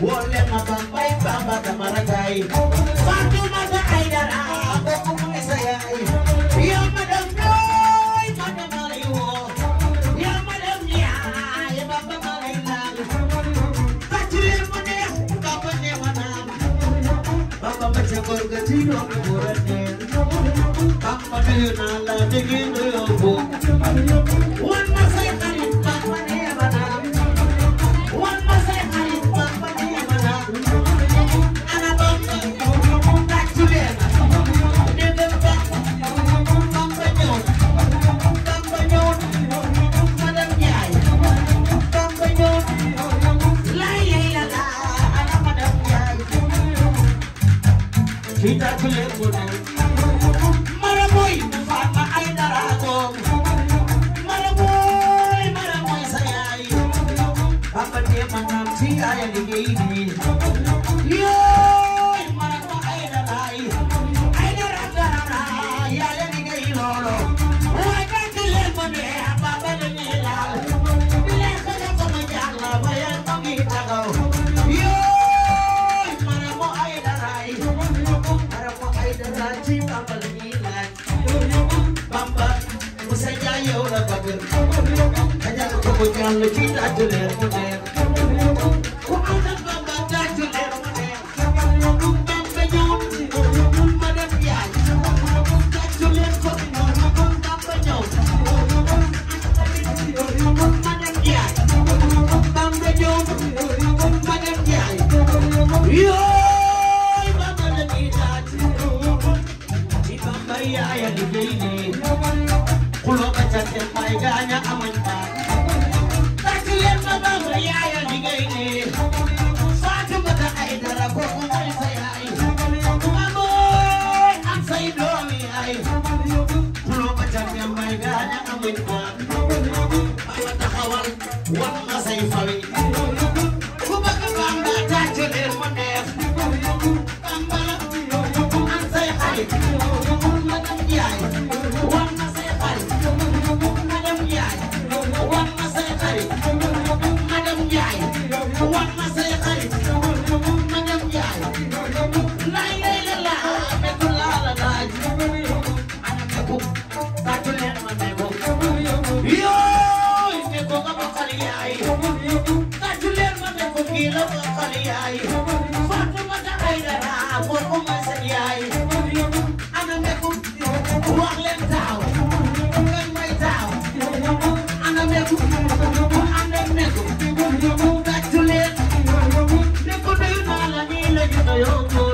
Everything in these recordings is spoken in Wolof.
What? maragay Fatumata ay dara Isa yay Yo madam noy Madam aliwo Yo madam niya Baba malay lang Kachire mo ne Baba ne manam Baba macha gorga chino Murane Baba ne nala Digin yo bo One more second fi takule gono mara boy Fatma Aidara ko mara boy mara boy sa yaay papa te manam fi ay liggéey bi xamal leen kañal ko ko jàll ci tàgg leen mu neex Yeah.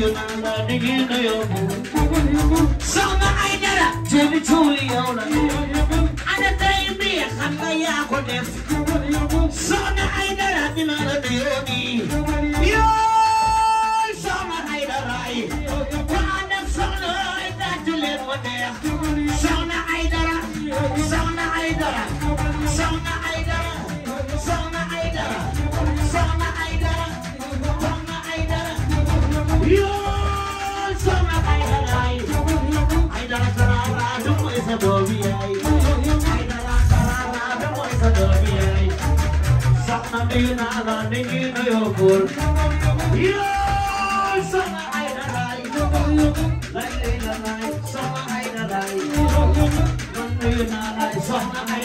nuyu naa la dañuy nuyoo bu soxna ay dara jëli tuuli yow la ana tey bi xam nga yaa ko def soxna ay dara dina la nuyoo nii yooy soxna ay dara ay ku ànd ak soxna ay dara leen wa neex soxna ay dara soxna ay dara soxna ay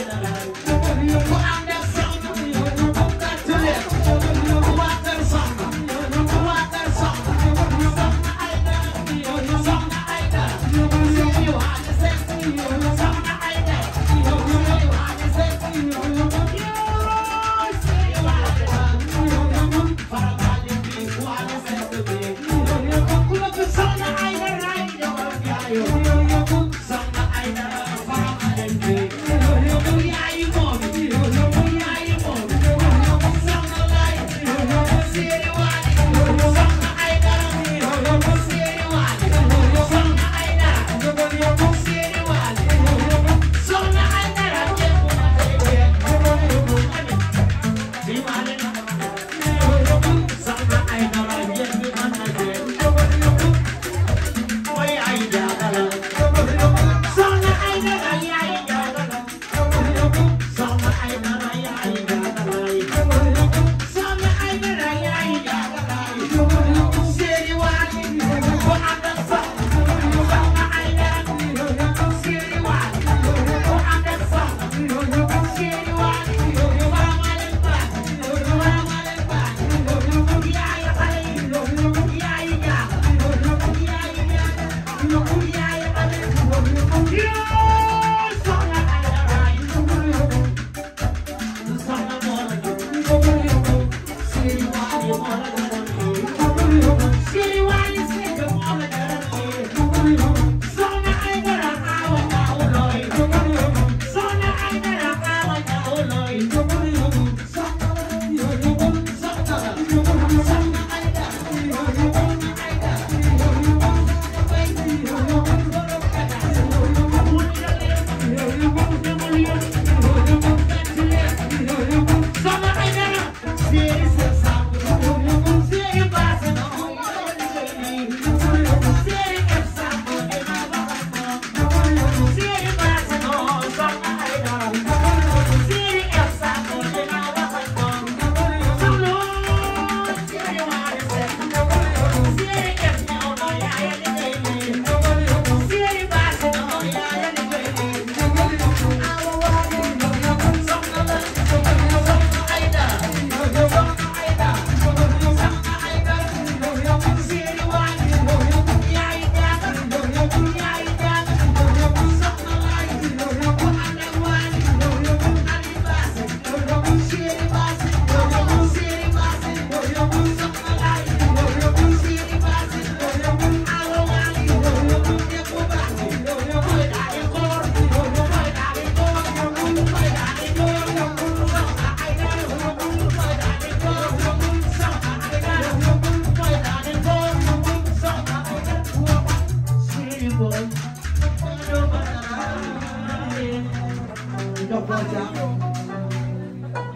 dara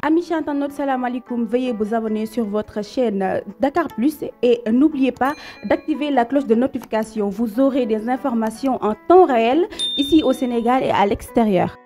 Amis chantants, notre salam pas d'activer la cloche de notification. Vous aurez des informations en temps réel ici au Sénégal et à l'extérieur.